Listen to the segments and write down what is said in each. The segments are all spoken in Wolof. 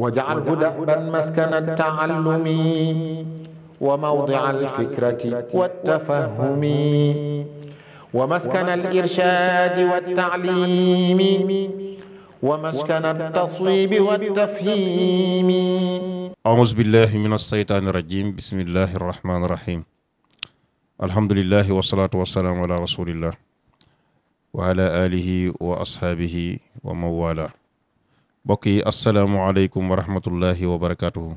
واجعله دأبا مسكن التعلم وموضع الفكرة والتفهم ومسكن الإرشاد والتعليم ومسكن التصويب والتفهيم أعوذ بالله من الشيطان الرجيم بسم الله الرحمن الرحيم الحمد لله والصلاة والسلام على رسول الله وعلى آله وأصحابه ومن والاه mbokk yi asalaamualeykum wa rahmatullahi wa barakaatuhu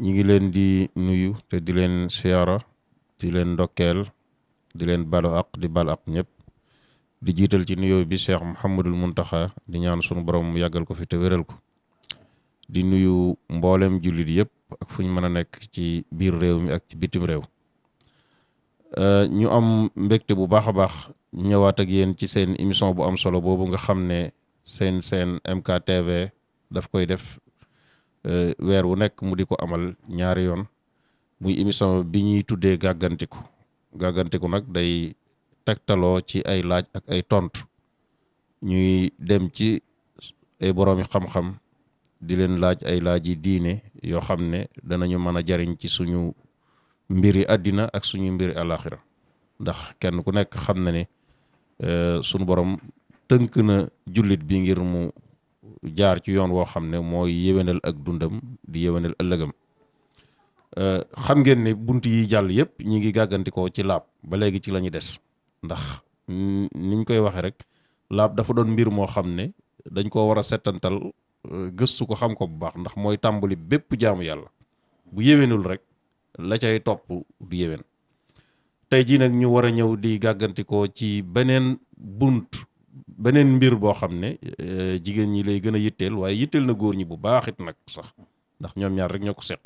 ñi ngi leen di nuyu te di leen siyaara di leen ndokkeel di leen balu aq di balu aq ñëpp di jiital ci nuyoo bi Cheikh Mouhamadul Muntaxa di ñaan sunu borom mu yàggal ko fi te wéral ko di nuyu mboolem jullit yëpp ak fu ñu mën a nekk ci biir réew mi ak ci bitim réew euh, ñu am mbégte bu baax a baax ñëwaat ak yéen ci seen émission bu am solo boobu nga xam ne seen seen MKTV daf koy def euh, weer wu nekk mu di ko amal ñaari yoon muy émission bi ñuy tuddee gàggantiku gàggantiku nag day tegtaloo ci ay laaj ak ay tontu ñuy dem ci ay boroomi xam-xam di leen laaj ay laaj yi diine yoo xam ne danañu mën a jariñ ci suñu mbiri àddina ak suñu mbiri àllaaxira ndax kenn ku nekk xam na ni euh, sunu borom tënk na jullit bi ngir mu jaar ci yoon woo xam ne mooy yéwénal ak dundam di yéwénal ëllëgam euh, xam ngeen ne bunt yi jàll yëpp ñi ngi gàggantikoo ci laab ba léegi ci la ñu des ndax mm, niñ koy waxee rek laab dafa doon mbir moo xam ne dañ koo war a settantal euh, gëstu ko xam ko bu baax ndax mooy tàmbali bépp jaamu yàlla bu yéwénul rek la cay topp du yéwén tey jii nag ñu war ñëw di gàggantikoo ci beneen bunt beneen mbir boo xam ne euh, jigéen ñi lay gën a yitteel waaye yitteel na góor ñi bu baaxit nag sax ndax ñoom ñaar rek ñoo ko seq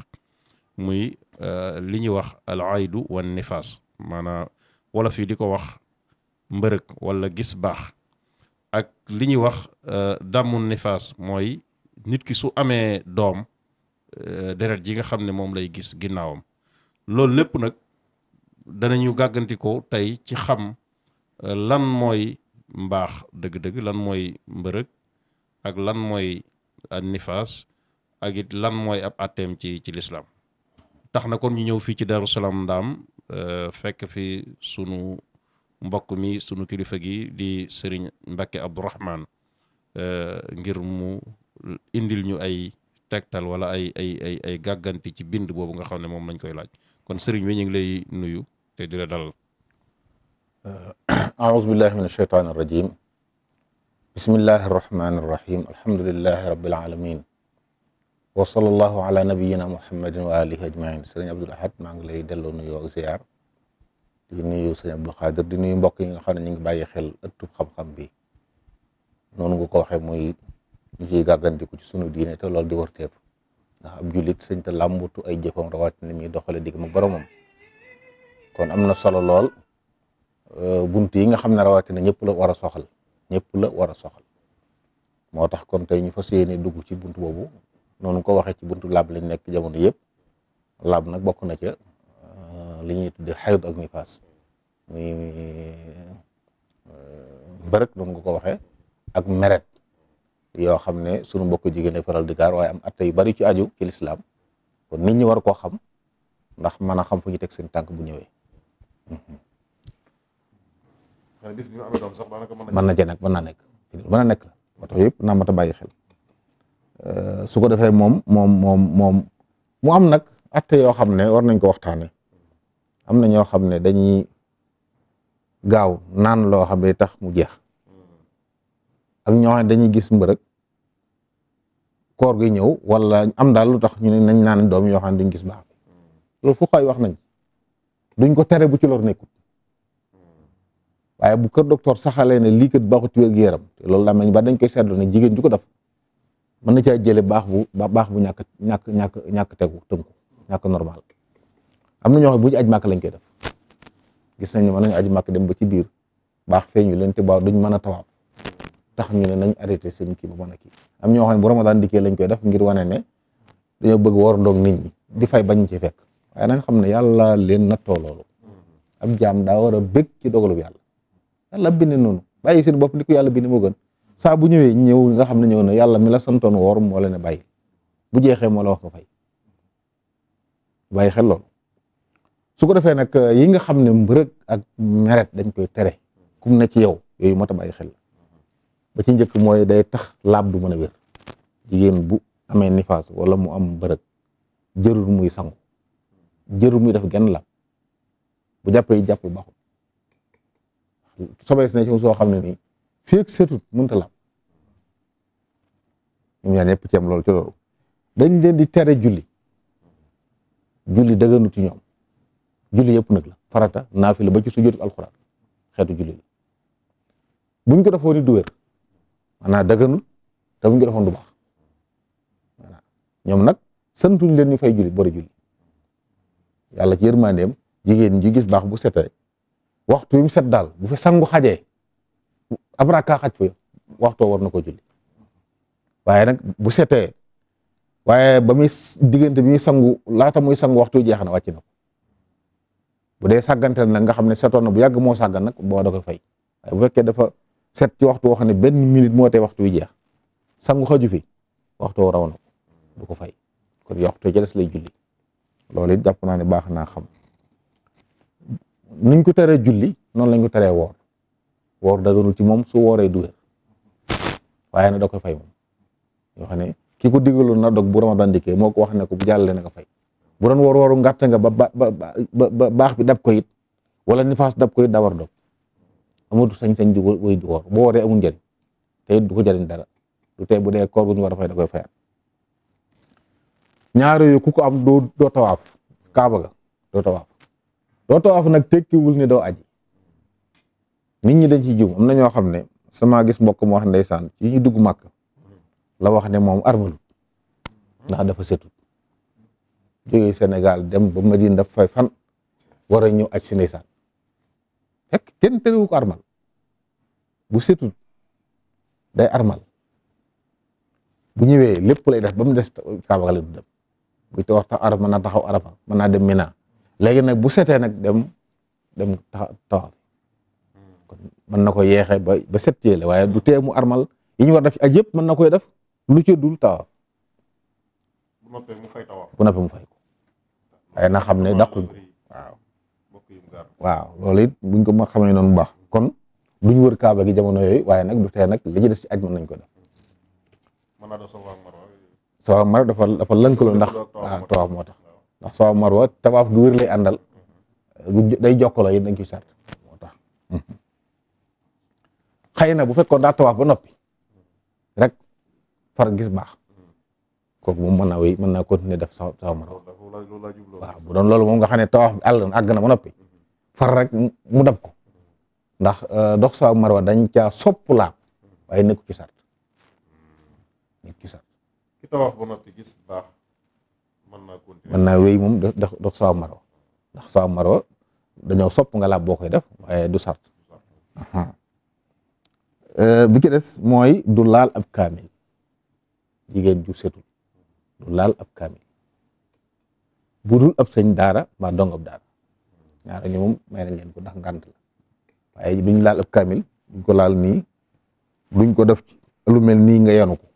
muy euh, li ñuy wax al aydu wan nifaas maanaam wolof yi di ko wax mbërëg walla gis baax ak li ñuy wax euh, dàmmu nifaas mooy nit ki su amee doom deret ji nga xam ne moom lay gis ginnaawam loolu lépp nag danañu gàggantikoo tey ci xam lan mooy mbaax dëgg-dëgg lan mooy mbërëg ak lan mooy nifaas ak it lan mooy ab àtteem ci ci lislaam tax na kon ñu ñëw fii ci Daaru Salaam ndaam euh, fekk fi sunu mbokk mi sunu kilifa gi di sëriñ Mbakke Abdourahman euh, ngir mu indil ñu ay tegtal wala ay ay ay ay gàgganti ci bind boobu nga xam ne moom lañ koy laaj kon sëriñ wi ñu ngi lay nuyu te di la dalal a أعوذ بالله من الشيطان الرجيم بسم الله الرحمن الرحيم الحمد لله رب العالمين وصلى الله على نبينا محمد وآله أجمعين sëriñ Abdul Ahad maa ngi lay delloo nuyoo ziar di nuyu sëriñ Abdul Xaadir di nuyu mbokk yi nga xam ne ñu ngi bàyyi xel ëttub xam-xam bi noonu nga ko waxee muy ñu ciy gàggandiku ci sunu diine te loolu di wërteef ndax ab jullit sëñ te làmbutu ay jëfam rawatina ni muy doxale digg mu boromam kon am na solo lool Euh, bunt yi nga xam ne rawatina ñëpp la war a soxal ñëpp la war a soxal moo tax kon tey ñu fa yéene dugg ci bunt boobu noonu ko waxee ci buntu laab lañ nekk jamono yëpp laab na bokk na ca euh, li ñuy tuddee xayd ak nifaas muy euh, mbërëk noonu nga ko waxee ak meret yoo xam ne sunu mbokk jigéen faral di gaar waaye am atte yu bari ci aju ci lislaam kon nit ñi war koo xam ndax mën a xam fu ñu teg seen tànk bu ñëwee mhm. bis bi mu amee doom sax mën na cee nekk mën naa nekk mën na nekk moo yëpp naa bàyyi xel euh, su ko defee moom moom moom moom mu am nag atte yoo xam ne war nañ ko waxtaane am na ñoo xam ne dañuy gaaw naan loo xam ne tax mu jeex ak ñoo xam ne dañuy gis mbërëg koor gi ñëw wala am daal lu tax ñu ne nañ naan doom yoo xam ne duñ gis baax loolu fu xay wax nañ duñ ko tere bu ci lor nekkut waaye bu kër docteur saxalee ne lii kat baaxut ci wér gu yaram loolu làmmiñ ba dañ koy seetlu ne jigéen ju ko def mën na caa jële baax bu baax bu ñàkk ñàkk ñàkk ñàkk tegu tënku ñàkk normal am na ñoo bu ñu aj màkk lañ koy def gis nañ mën nañu aj màkk dem ba ci biir baax feeñu leen te baax mën a tawaab tax ñu ne nañ arrêté seen kii ba mën a kii am ñoo xam ne bu ramadan dikkee lañ koy def ngir wane ne dañoo bëgg war ndoog nit ñi di fay bañ ci fekk waaye nañ xam ne yàlla leen nattoo loolu ab jaam daa war a bëgg ci dogalub yàlla yàlla bind noonu bàyyi seen bopp ni ko yàlla bind moo gën saa bu ñëwee ñëw nga xam ne ñëw na yàlla mi la santoon woor moo la ne bàyyi bu jeexee moo wax nga fay bàyyi xel loolu su ko defee nag eh, yi nga xam ne mbërëg ak meret dañ koy tere kum na ci yow yooyu moo tax bàyyi xel ba ci njëkk mooy day tax laab du mën a wér jigéen bu amee ni nifaas wala mu am mbërëg jërul muy sangu jërul muy def genn laab bu jàppee jàpp baaxul sobees na ci soo xam ne nii fii ak seetut mënta la ñoom ñaar ñëpp ci am loolu ci loolu dañ leen di tere julli julli dëgganu ci ñoom julli yëpp nag la farata naafila ba ci sujjóotu alxuraan xeetu julli la buñ ko defoon ni du wér maanaam dëgganul te buñ ko defoon du baax ñoom nag santuñ leen ñu fay julli boori julli yàlla ci yërmandeem jigéen ñi gis baax bu setee waxtu yu set daal bu fi sangu xajee ab rakka xaj fa waxtoo war na ko julli waaye nag bu setee waaye ba muy diggante bi muy sangu laata muy sangu waxtu wi jeex na wàcc na ko bu dee sàggante nag nga xam ne setoon na bu yàgg moo sàggan nag boo da koy fay waaye bu fekkee dafa set ci waxtu woo xam ne benn minute moo tee waxtu wi jeex sangu xaju fi waxto raw na ko du ko fay kon waxtu ja des lay julli loolu it jàpp naa ne baax naa xam nuñ ko teree julli noonu lañ ko teree woor woor daganul ci moom su wooree du wér waaye nag da koy fay moom yoo xam ne ki ko digaloon na dog bu ramadan dikkee moo ko wax ne ko bu jàllee na ko fay bu doon woor wooru nga ba ba ba baax bi dab ko it wala nifaas dab ko it daa dog amatu sañ-sañ di wéy di woor boo wooree amul njëriñ te it du ko jëriñ dara du tey bu dee koor bu ñu war a da koy fayaat ñaar yooyu ku ko am doo doo tawaaf kaaba ga doo tawaaf doo tawaaf nag tekkiwul ne doo aji nit ñi dañ ci jiw am na ñoo xam ne sama gis mbokk mu wax ndeysaan yi ñu dugg màkk la wax ne moom armalut ndax dafa setut jógee senegal dem ba Madina daf fay fan war a ñëw aj si ndeysaan kenn terewu ko armal bu setut day armal bu ñëwee lépp lay def ba mu des ka la du dem bu te waxta arab mën naa taxaw arafa mën naa dem Mina léegi nag bu setee nag dem dem tawaaf kon na ko yeexee ba ba set téele waaye du tee mu armal yi ñu war def ak yëpp mën na koy def lu ca dul tawaaf. bu noppee mu fay tawaaf bu noppee mu fay waaye na xam ne dàquñ ko waaw. waaw loolu it buñ ko ma xamee noonu bu baax kon duñ wër kaaba gi jamono yooyu waaye nag du tee nag li ci des ci aj mën nañ ko def. mën naa def Safa ak Marwa dafa dafa ndax waaw tawaaf moo tax. ndax sawaabu marwa tawaaf gu wér lay àndal day jokkaloo yéen dañ ciy sart moo tax xëy na bu fekkoon daa tawaaf ba noppi rek far gis baax kooku moom mën naa wéy mën naa continuer def sawaabu marwa waaw bu doon loolu moom nga xam ne tawaaf bi àll àgg na ba noppi far rek mu dab ko ndax euh, dox sawaabu marwa dañ caa sopp laab waaye nekku ci sart nekku ci sart mën naa wéy moom da dox sawaab maro ndax sawaab maro dañoo sopp nga laab boo koy def waaye du sart euh, bi ci des mooy du laal ab kaamil jigéen ju setul du laal ab kaamil budul ab sëñ daara ma dong ab daara ñaara ñu moom may nañ leen ko ndax ngànt la waaye duñ laal ab kaamil duñ ko laal nii duñ ko def ci lu mel nii nga yanu ko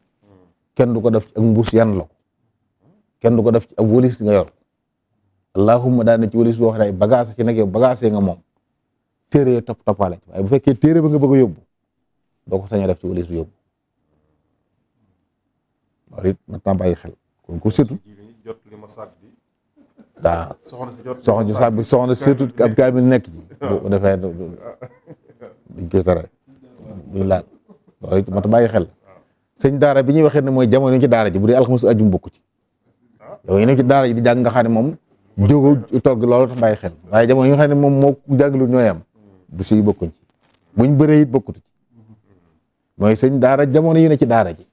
hmm. du ko def ak mbuus yan la kenn du ko def ci ab wëlis nga yor allahumma daan na ci wëlis boo xam ne ay bagage ci nag yow bagage nga moom téere topp toppale ay bu fekkee téere ba nga bëgg a yóbbu doo sañ a def ci wëlis bu yóbbu loolu it maintenant bàyyi xel kon ko surtout waaw soxna si jot soxna si sax bi soxna surtout ab kaamil nekk ci bu defee duñ ko dara duñ laal loolu it mat bàyyi xel sëñ daara bi ñuy waxee ne mooy jamono ci daara ji bu dee alxames ajum bokk ci yow yéen ci daara ji di jàng nga xam moom jógu togg loolu tax bàyyi xel waaye jamono yi nga xam ne moom moo jànglu ñooy am bu si bokkuñ ci buñ bëree bokkutu ci mooy sëñ daara jamono yi ne ci daara ji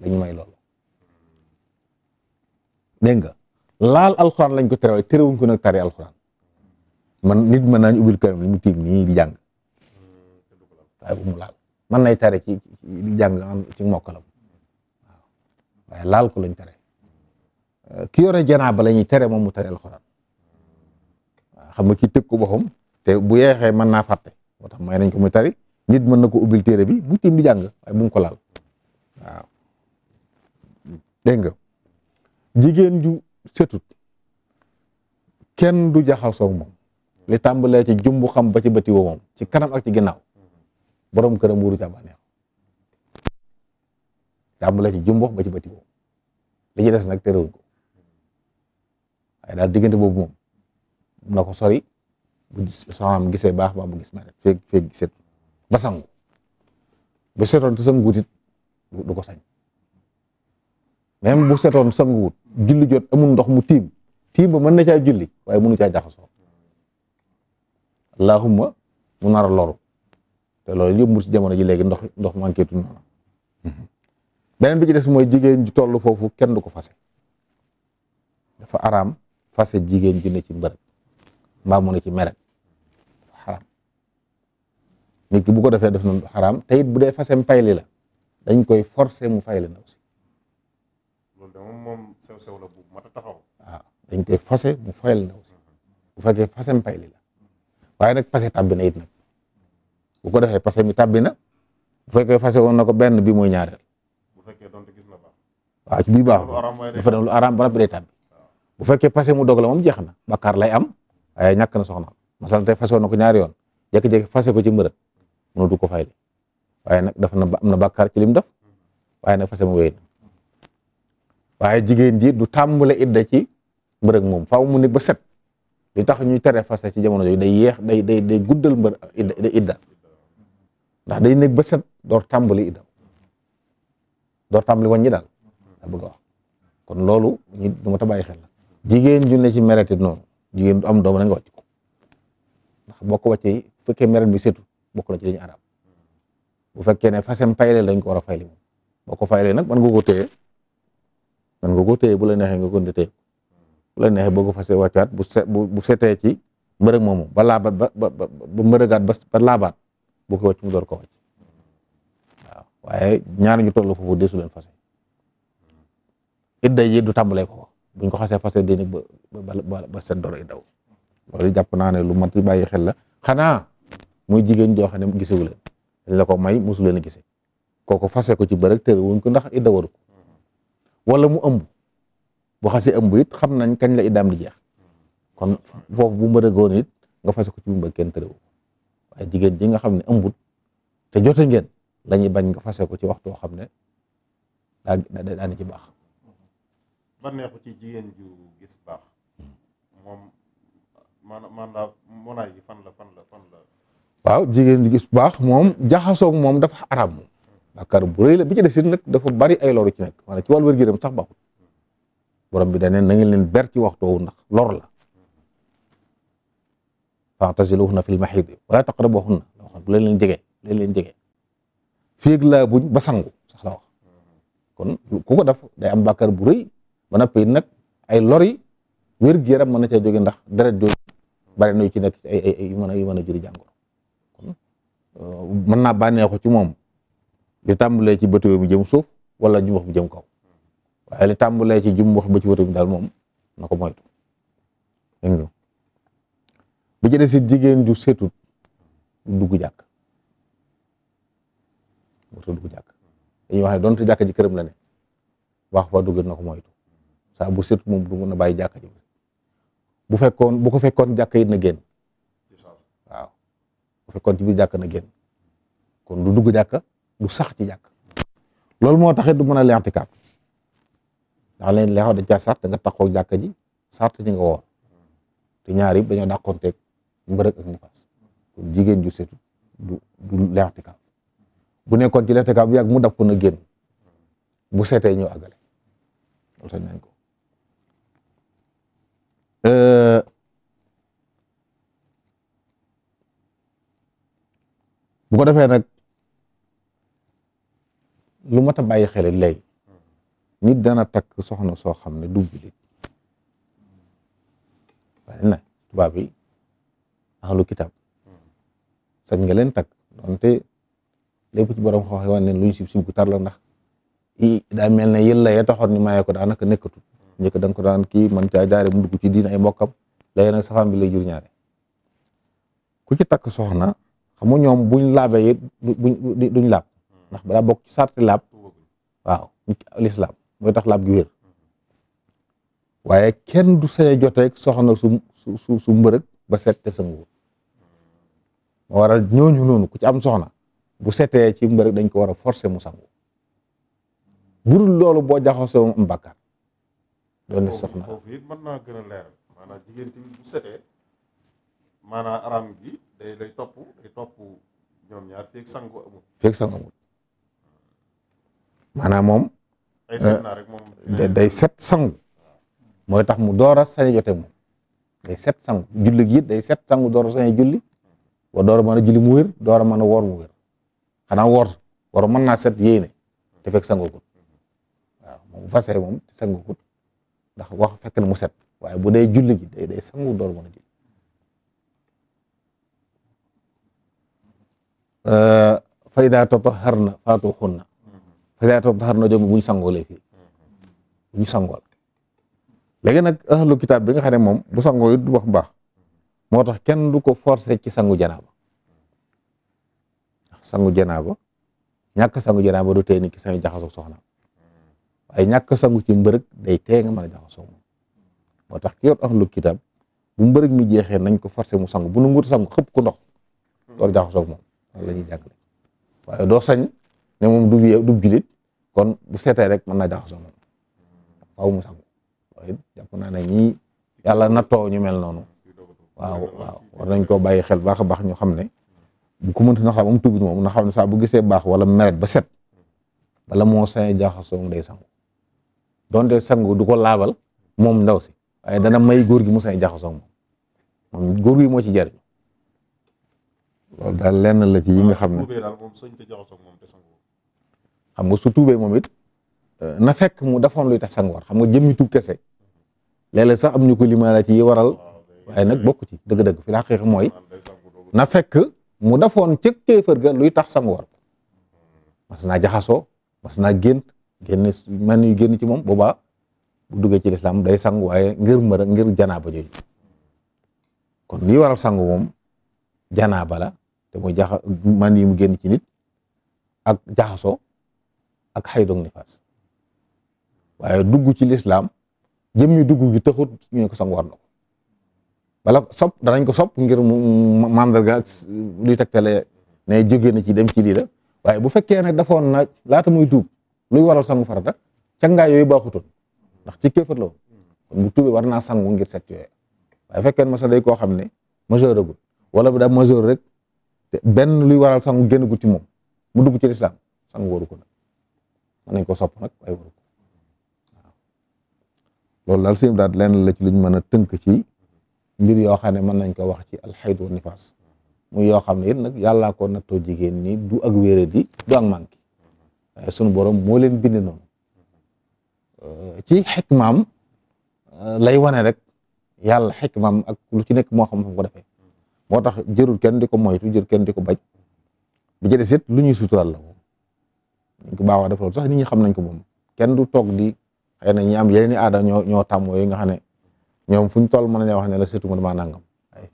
lañu may loolu dégg nga laal alxuraan lañ ko tere waaye terewuñ ko nag tari alxuraan man nit mën naa ñu ubbil kayam li mu tiim nii di jàng waaye bu mu laal mën nay tare ci di jàng am ci mokkalam waaw waaye laal ko lañ tere ki yore janaaba la ñuy tere moom mu tari alxuraan waaw xam nga ki tëg ko boppam te bu yeexee mën naa fàtte moo tax may nañ ko muy tari nit mën na ko ubbil téere bi bu tiim di jàng waaye bu mu ko laal waaw nga jigéen ju setut kenn du jaxasoo moom li tàmbalee ci jumbu xam ba ci bëti woo ci kanam ak ci ginnaaw borom këram wuru ca bànneex tàmbalee ci jumbu ba ci bëti woo li ci des nag terewul ko ay daal diggante boobu moom na ko sori bu soxnaam gisee baax ba bu gis ma rek feeg feeg giset ba sangu bu setoon te sanguwut it du ko sañ même bu setoon sanguwut julli jot amul ndox mu tiim tiim ba mën na caa julli waaye mënu caa jaxasoo allahumma mu nar a loru te loolu yëpp mu ci ji léegi ndox ndox manqué tu noonu beneen bi ci des mooy jigéen ju toll foofu kenn du ko fase dafa araam fase jigéen ju ne ci mbër mbaa mu ne ci meret xaram nit ki bu ko defee def na xaram te it bu dee fasem payli la dañ koy forcer mu fayli na aussi loolu de moom sew sew la bu mat a taxaw waaw dañ koy fase mu fayli na aussi bu fekkee fasem payli la waaye nag fase tàbbi na it nag bu ko defee fase mi tàbbi na bu fekkee fase woon na ko benn bi mooy ñaareel bu fekkee donte gis na baax waaw ci bii baax dafa dem lu araam ba noppi day tàbbi bu fekkee passé mu dog la moom jeex na bakkaar lay am waaye ñàkk na soxna masal tey fasoo na ko ñaari yoon jékki-jékki fase ko ci mbërëg mënu du ko fay waaye nag daf na am na bakkaar ci lim def waaye na fase mu wéy na waaye jigéen ji du tàmbale idda ci mbërëg moom faaw mu nekk ba set li tax ñuy tere fase ci jamono jooju day yeex day day day guddal mbër idda idda ndax day nekk ba set door tàmbali idda door tàmbali wàññi daal la bëgg a kon loolu du ma ta bàyyi xel la jigéen ju ne ci mérite noonu jigéen du am doom na nga wàcc ko ndax boo ko wàccee bu fekkee mérite bi setu bokk na ci dañ arab bu fekkee ne fasem payle lañ ko war a fayle moom boo ko fayle nag man nga ko téye man nga ko téye bu la neexee nga ko téye bu la boo ko fase wàccaat bu se bu setee ci mbërëg moomu ba laabaat ba ba ba mbërëgaat ba laabaat bu ko wàcc mu door ko wàcc waaw waaye ñaar ñu toll foofu deesu leen fase idda yi du tàmbalee ko buñ ko xasee fase deni ba ba ba set doroy daw loolu jàpp naa ne lu mat yi bàyyi xel la xanaa muy jigéen joo xam ne gisewu leen dañ la ko may mosu leen a gise kooku fase ko ci bërëg téré wuñ ko ndax idda waru ko wala mu ëmb bu xasee ëmb it xam nañ kañ la iddaam di jeex kon foofu bu mbërëgoon it nga fase ko ci bu mbër kenn tëréwu waaye jigéen ji nga xam ne ëmbut te jote geen lañuy bañ nga fase ko ci waxtu woo xam ne daa daa ci baax bànneexu ci jigéen ju gis baax hmm. moom maanaam maanaam monaay gi fan la fan la fan la. waaw jigéen ju gis baax moom jaxasoog moom dafa araam moom. bàkkaar bu rëy la bi ci des it nag dafa bari ay loru ci nekk maanaam ci wàllu wér gu sax baaxul borom bi da neen na ngeen leen ber ci waxtu woowu ndax lor la. fa'taziluhunna fil mahiid wala taqrabuhunna bu leen leen jege bu leen leen jege féeg laa buñ ba sangu sax la wax hmm. kon ko def day am bàkkaar bu ba noppi it nag ay lori wér-gu-yaram mën na caa jóge ndax deret jooju bari na yu ci nekk ay ay yu mën a yu mën a juri jàngoro kon euh, mën naa bànneexu ci moom li tàmbalee ci bëtéo bi jëm suuf wala jumbax bi jëm kaw waaye li tàmbalee ci jumbax ba ci bëtéo bi daal moom na ko moytu dégg nga bi ci des jigéen ju seetut dugg jàkk warta dugg jàkk dañuy wax ne doonte jàkk ji këram la ne wax fa dugg na ko moytu saa bu set moom du mun a bàyyi jàkka ji bu fekkoon bu ko fekkoon jàkka it na génn waaw bu fekkoon ci biir jàkka na génn kon du dugg jàkka du sax ci jàkka loolu moo taxit du mën a lentikaab ndax leen leexoo dañ caa sart nga taxoo jàkka ji sart ci nga woor te ñaar yëpp dañoo dàqonteeg mbërëg ak kon jigéen ju setu du du lentikaab bu nekkoon ci lentikaab bu yàgg mu dab ko na génn bu seetee ñëw àggale bu ko defee nag lu mat a bàyyi xel léegi nit dana takk soxna soo xam ne du jullit bari na tubaab yi ahlu kitab sañ nga leen takk donte le ci borom xooxe woon ne luñ sib sib gu tar la ndax daa mel ne yëlla ya taxoon ni maayee ko daanaka nekkatu njëkk da nga ko daan kii man caa jaare mu dugg ci diin ay mbokkam léegi nag safaan bi lay jur ñaare ku ci takk soxna xam nga ñoom buñ laabe it duñ duñ laab hmm. ndax ba balaa bokk ci sarti laab waaw lislaam mooy tax laab gi wér hmm. waaye kenn du sañ a joteeg soxna su su su mbërëg ba set te sangu hmm. moo waral ñooñu ku ci am soxna bu setee ci mbërëg dañ ko war a forcer mu sangu budul loolu boo jaxasoo am bàkkaar doon soxna foofu mën naa gën a leeral day lay topp day topp ñoom ñaar feeg sangu amul. feeg moom. day set naa rek moom sangu. mooy tax mu door a sañ a jote moom day set sangu julli gi day set sangu door a sañ a julli wa door a mën a julli mu wér door a mën a woor mu wér xanaa woor war mën naa set yéene te fekk sangookut waaw moom bu fasee moom te sangookut ndax wax mu set waaye bu dee julli gi day sangu door a julli fa ida tataharna fatuhunna fa ida tataharna jooju buñ sangoo lay fii buñ sangool léegi nag ahlu kitaab bi nga xam ne moom bu sangoo it du wax mbaax moo tax kenn du ko forcer ci sangu janaaba sangu janaaba ñàkk sangu janaaba du tee ni ki sañ jaxasoo soxna waaye ñàkk sangu ci mbërëg day tee nga mën a jaxasoo moom moo tax ki yor ahlu kitaab bu mbërëg mi jeexee nañ ko forcer mu sangu bu nu ngut sangu xëpp ko ndox door jaxasoo moom la ñuy jàngale waaye doo sañ ne moom du du kon bu setee rek mën na jaxasoo moom waaw mu sax waaye jàpp naa ne ñii yàlla nattoo ñu mel noonu waaw waaw war nañ koo bàyyi xel baax a baax ñu xam ne bu ko mënti na xam am tuggit moom na xam ne saa bu gisee baax wala meret ba set bala moo sañ jaxasoo mu day sangu donte sangu du ko laabal moom ndaw si waaye dana may góor gi mu sañ jaxasoo moom moom gi moo ci jariñ loolu daal lenn la ci yi nga xam ne xam nga su tuubee moom it euh, na fekk mu dafa luy tax sangoor xam nga jëmmi tuub kese léeg-léeg sax am ñu ko limaa la ci yi waral waaye nag bokk ci dëgg-dëgg fi la xaqiiqa mooy na fekk mu defoon cëg kéefër ga luy tax sangoor mas naa jaxasoo mas naa gént génn man yu génn ci moom boobaa bu duggee ci lislaam day sangu waaye ngir mër ngir ba jooju kon lii waral sangu moom janaaba la te mooy jaaxa man yi mu génn ci ak jaxasoo ak xaydoog nifaas dugg ci lislaam jëmmi dugg gi taxut ñu ne ko sang war na ko danañ ko sopp ngir mandarga luy tegtale ne jóge na ci dem ci lii la waaye bu fekkee ne dafoon na laata muy tuub luy waral sangu farata cangaay yooyu baaxutoon ndax ci kéefar la bu tuubee war naa sangu ngir set yooyu waaye fekkee ne masa day koo xam ne majeur agul wala bu daa majeur rek benn luy waral sangu génn gu ci moom mu dugg ci lislaam sangu waru ko nag mën nañ ko sopp nag waaye waru ko loolu daal suñu daal lenn la ci luñ mën a tënk ci mbir yoo xam ne mën nañ ko wax ci alxayd wa nifaas muy yoo xam ne it nag yàllaa ko nattoo jigéen ñi du ak wéeré di du ak manqué waaye sunu borom moo leen bind noonu euh, ci xikmaam euh, lay wane rek yàlla maam ak lu ci nekk moo xam fu mu ko defee moo tax jërul kenn di ko moytu jër kenn di ko bañ bi ci lu ñuy sutural la moom ñu ko baaxoo sax nit ñi xam nañ ko moom kenn du toog di xëy na ñi am yeneen i aada ñoo ñoo tàmm yooyu nga xam ne ñoom fu ñu toll mën nañoo wax ne la surtout man maa nangam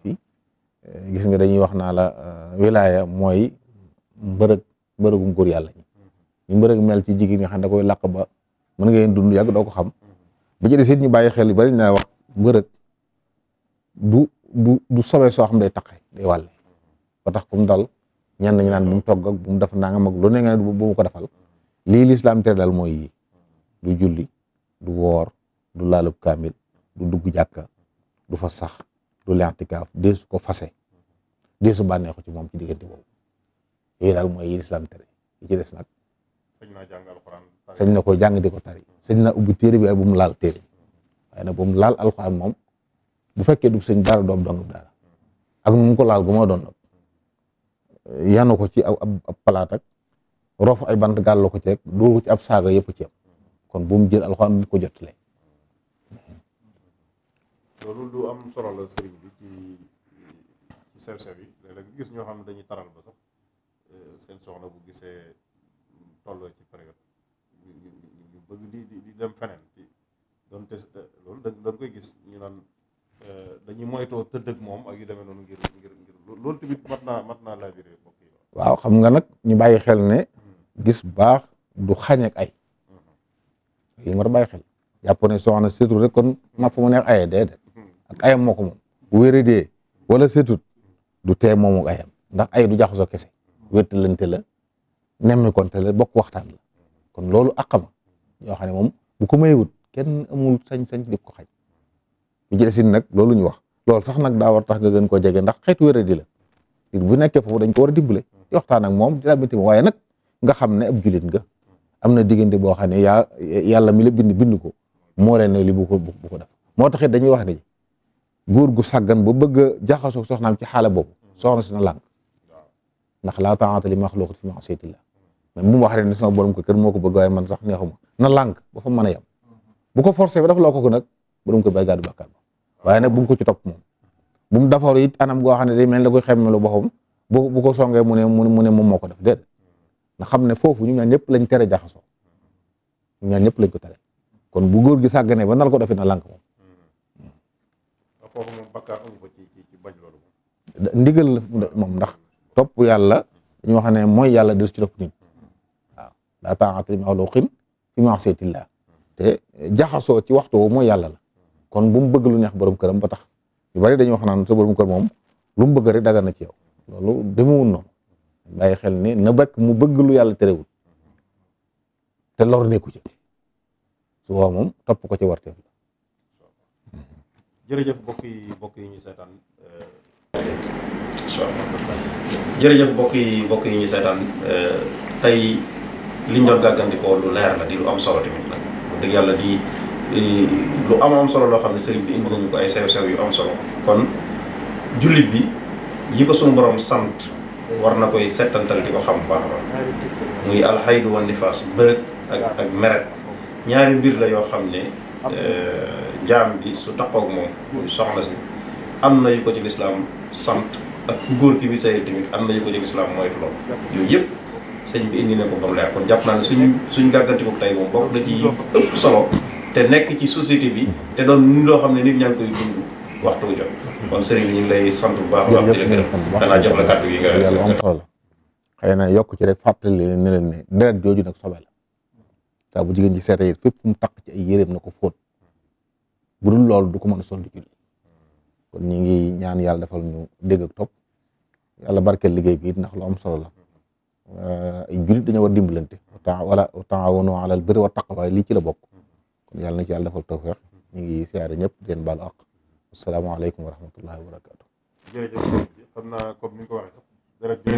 fii eh, gis nga dañuy wax naa la eh, wilaya mooy mbërëg mbërëgum góor yàlla ñu mbërëg mel ci jigéen nga xam ne da koy làq ba mën nga leen dund yàgg doo ko xam bi ci des ñu bàyyi xel yu bari naa wax mbërëg du du du sobee soo xam day taqe day wàlle ba tax kum dal ñan ñi naan bu mu togg ak bu def nangam ak lu ne nga ne bu mu ko defal lii lislaam tere dal mooy yii du julli du woor du laalub kaamil du dugg jàkka du fa sax du lentikaaf deesu ko fase deesu bànnee ko ci moom ci diggante boobu yooyu daal mooy yi lislaam tere yi ci des nag sëñ na jàng na ko jàng di ko tari sëñ na ubbi téere bi ay bu laal téere waaye nag bu mu laal alxuraan moom bu fekkee du sëñ daara don doon daara ak nu mu ko laal gu ma doon yanu ko ci ab palaat ak roof ay bant gàll ko ci rek dóor ci ab saaga yëpp ci am kon bu mu jël alxuraan bu ko jotalee. loolu lu am solo la sëriñ bi ci ci sew-sew yi léeg gis ñoo xam ne dañuy taral ba sax eh, seen soxla bu gisee tolloo ci période ñu bëgg di di dem feneen ci doon eh, loolu da nga koy gis ñu naan. Euh, dañuy moytoo tëdd ak moom lool yu loolu tamit mat naa mat naa laa biree bokk yi waaw xam nga nag ñu bàyyi xel ne hmm. gis baax du xàññ ay hmm. yi nga war a bàyyi ne soxna seetul rek kon hmm. napp mu neex aye déedéet ak ayam moo ko moom bu wéeree wala seetut du tee moomu ayam ndax ay du jaxasoo kese wéttalante la nemmikonte la bokk waxtaan la kon loolu aqama yoo xam ne moom bu ko mayewut kenn amul sañ-sañ di ko xaj bi ci desin nag loolu ñu wax loolu sax nag daa war tax nga gën koo jege ndax xeetu wéradi la nit bu nekkee foofu dañ ko a dimbale di waxtaan moom di la bitim waaye nag nga xam ne ab julit ga am na diggante boo xam ne yaa yàlla mi la bind bind ko moo leen ne li bu ko bu ko def moo taxit dañuy wax ne góor gu sàggan ba bëgg a jaxasoo soxnaam ci xaala boobu soxna si na lànk ndax laa taa'ata li maxluuqin fi ma'siyatillah mais bu mu wax rek ne sama ko kër moo ko bëgg waaye man sax neexuma na lànk ba fa mën a yem bu ko forcé ba def loo ko ko nag borom ko bay gàddu bàkkaar waaye nag bu ko ci topp moom bu mu defaru it anam goo xam ne day mel da koy xemmelu boppam bu bu ko songee mu ne mu ne moom moo ko def déet nga xam ne foofu ñu ñaan ñëpp lañ tere jaxasoo ñu ñëpp lañ ko tere kon bu góor gi sàgganee ba nal ko defee na lànk moom. Hmm. foofu moom bakkaar amu ci ci bañ loolu la moom ndax topp yàlla dañoo xam ne mooy yàlla des ci topp nit waaw laa taa'ata li jaxasoo ci waxtu woowu mooy yàlla la kon bu mu bëgg lu neex borom këram ba tax yu bari dañuy wax naan sa borom kër moom lu mu bëgg rek dagan na ci yow loolu demewul noonu bàyyi xel ni na bekk mu bëgg lu yàlla terewul te lor nekku ci su boobaa moom topp ko ci warteef la. jërëjëf mbokk yi mbokk yi ñu seetaan. Euh, mbokk yi mbokk yi ñu euh, tey liñ doon gàggandikoo lu leer la di lu am solo tamit nag dëgg yàlla di. lu am am solo loo xam ne sëriñ bi indi nañu ko ay sew-sew yu am solo kon jullit bi yi ko suñu sant war na koy settantal di ko xam baax ba muy alxaydu wa nifaas bërëg ak ak meret ñaari mbir la yoo xam ne euh, jaam bi su taqoog moom muy soxna si am na yu ko ci lislaam sant ak ku góor ki bi sayal am na yu ko ci lislaam moytu lool yooyu yëpp sëñ bi indi ne ko ba la leer kon jàpp naa ne suñ suñ gàgganti ko tey moom bokk da ci ëpp solo te nekk ci société bi mhm. te doon loo xam ne nit ñaa koy dund waxtu jot kon sëriñ bi lay sant baax la gërëm danaa jox la kàddu nga xëy na yokk ci rek fàttali leen ne leen deret jooju nag sobe la saa bu jigéen ji seeta fépp fu taq ci ay na ko fóot loolu du ko mën a sol di julli kon ñu ngi ñaan yàlla defal ñu dégg ak topp yàlla barkeel liggéey bi it ndax lu am solo la ay jullit dañoo war dimbalante wala taawanu alal birri wa taqwa lii ci la bokk kon yàlla na ci yàlla defal tawfeex ñu ngi siyaare ñëpp di leen baalu àq asalaamaaleykum wa rahmatullahi wa barakaatu. jërëjëf xam naa comme ni nga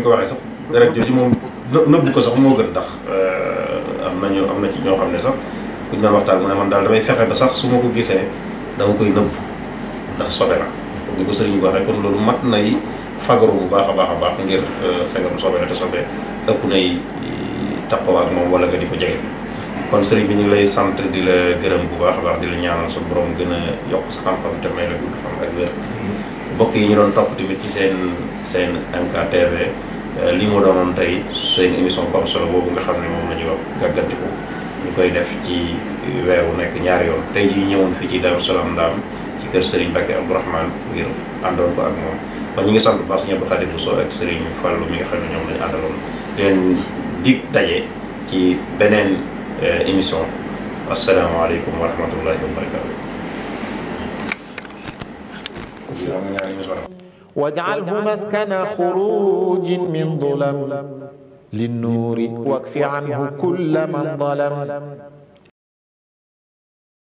ko waxee sax dara jooju ni ko waxee sax dara jooju moom nëbbu ko sax moo gën ndax euh, am nañu am na ci ñoo xam ne sax buñ naan waxtaan mu ne man daal damay fexe ba sax su ma ko gisee dama koy nëbbu ndax sobe na comme ni ko sëriñ bi waxee kon loolu mat nay fagaru bu baax a baax a baax ngir euh, sagaru sobe na te sobe ëpp nay euh, taqawaak moom wala nga di ko jege. kon sëriñ bi ñu lay sant di la gërëm bu baax a baax di la ñaanal sa borom gën a yokk sa xam-xam te may la gudd xam ak wér mbokk yi ñu doon topp tamit ci seen seen MKTV euh, li mu doonoon tey seen émission bu am solo boobu nga xam ne moom la ñuy wax gàggantiku ñu koy def ci weer wu nekk ñaari yoon tey jii ñëwoon fii ci Daaru Salaam Ndaam ci kër sëriñ Mbacke Abdourahmane ngir àndoon ko ak moom kon ñu ngi sant bu baax ñëpp xarit bu soo ak sëriñ Fallou mi nga xam ci beneen Eh, émission asalaamaaleykum wa rahmatullahi wa barakaatu. واجعله مسكن خروج من ظلم للنور واكف عنه كل من ظلم